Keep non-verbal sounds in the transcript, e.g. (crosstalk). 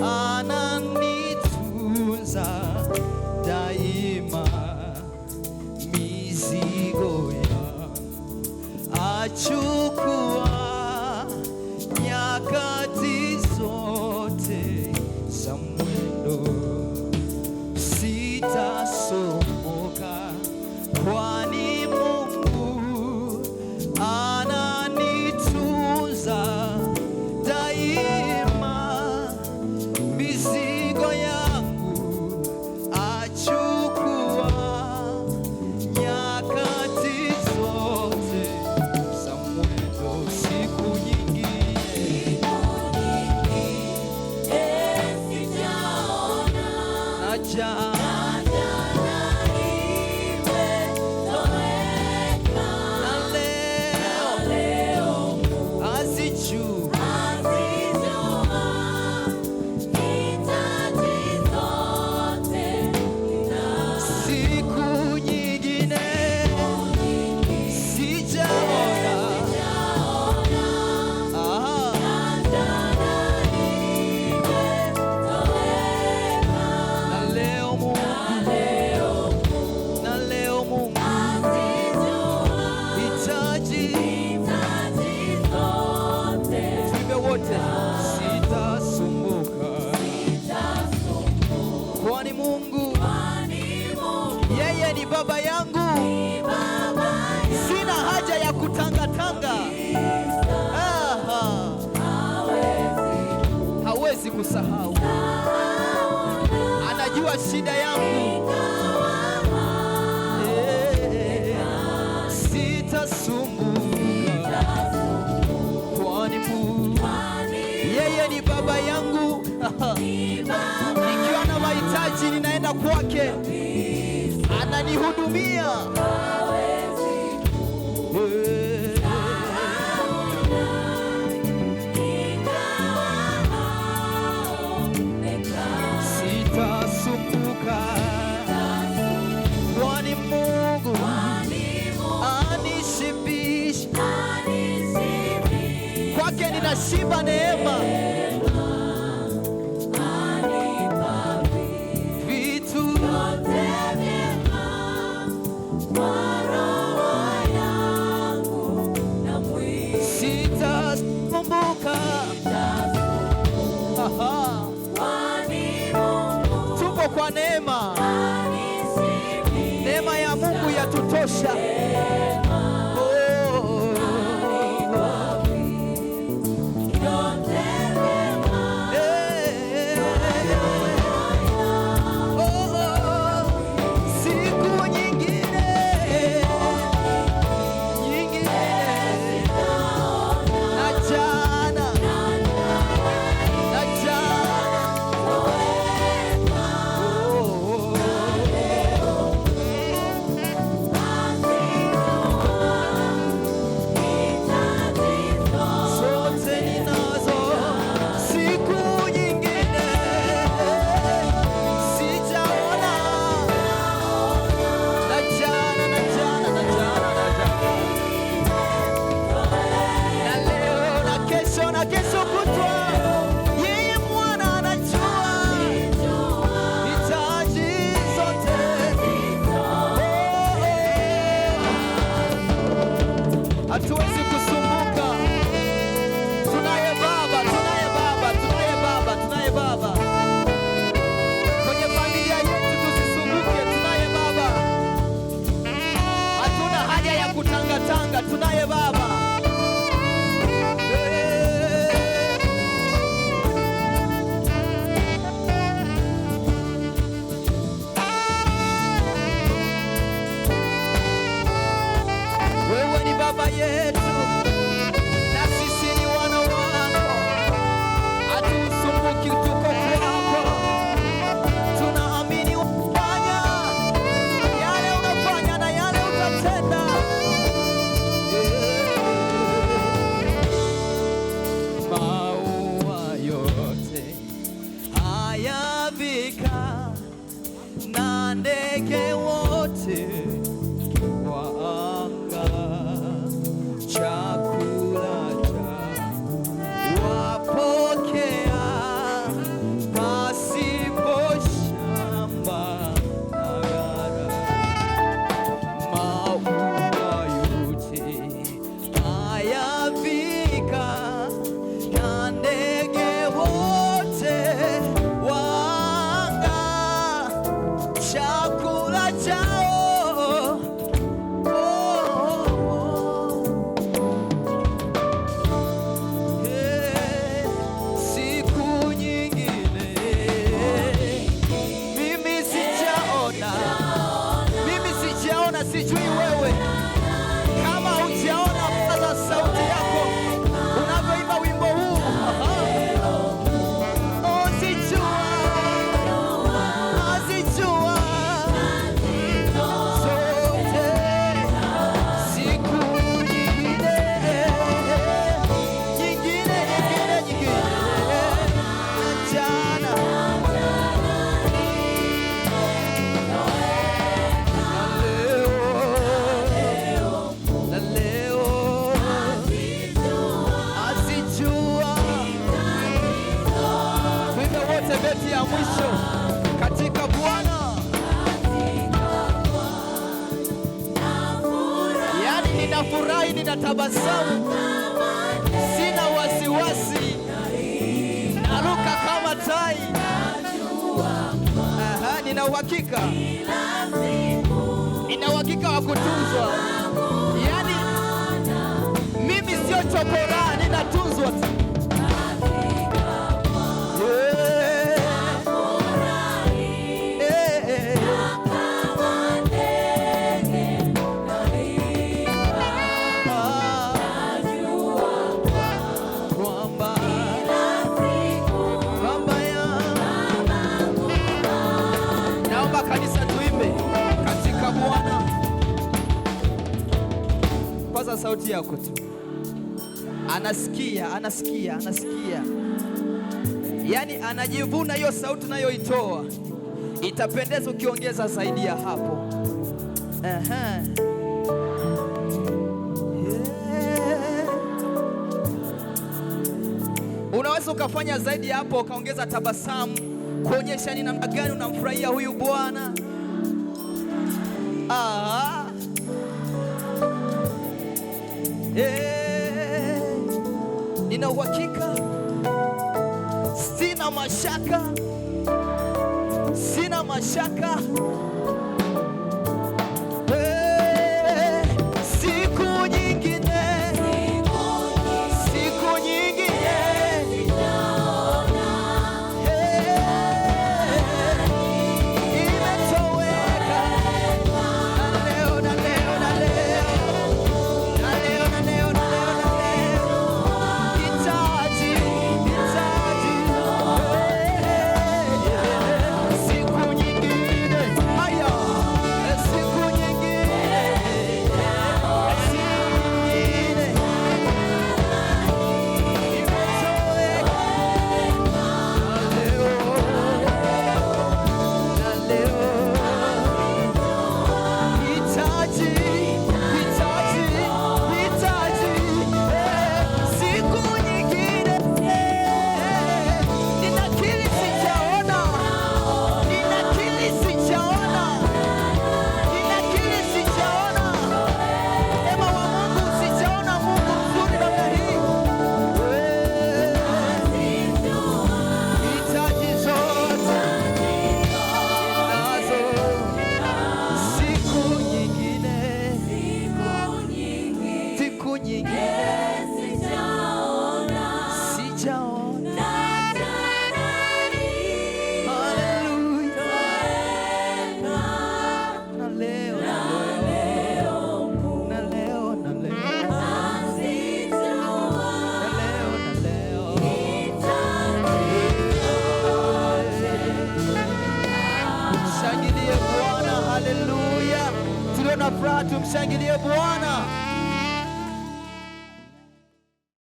Ah. you baba yangu, sina haja ya kutangatanga. Aha. Hawezi kusahau, anajua shida yangu. Hey. Eh, Sitasumbuka, yeye ni baba yangu. (laughs) Nikiwa na mahitaji ninaenda kwake kunihudumia sitasumbuka, kwani Mungu anishibisha, kwake ninashiba neema baba yetu time. yetu ya mwisho katika Bwana. Yani ninafurahi, ninatabasamu, sina wasiwasi, naruka kama tai, nina uhakika, nina uhakika wa kutunzwa. Yani mimi sio chokora, ninatunzwa tu. yako tu, anasikia anasikia anasikia, yaani anajivuna hiyo sauti unayoitoa. Itapendeza ukiongeza zaidi ya hapo. Aha. Unaweza ukafanya zaidi ya hapo, ukaongeza tabasamu kuonyesha ni namna gani unamfurahia huyu Bwana. Ah. Hey, eh, nina uhakika, sina mashaka, sina mashaka Mshangilie Bwana.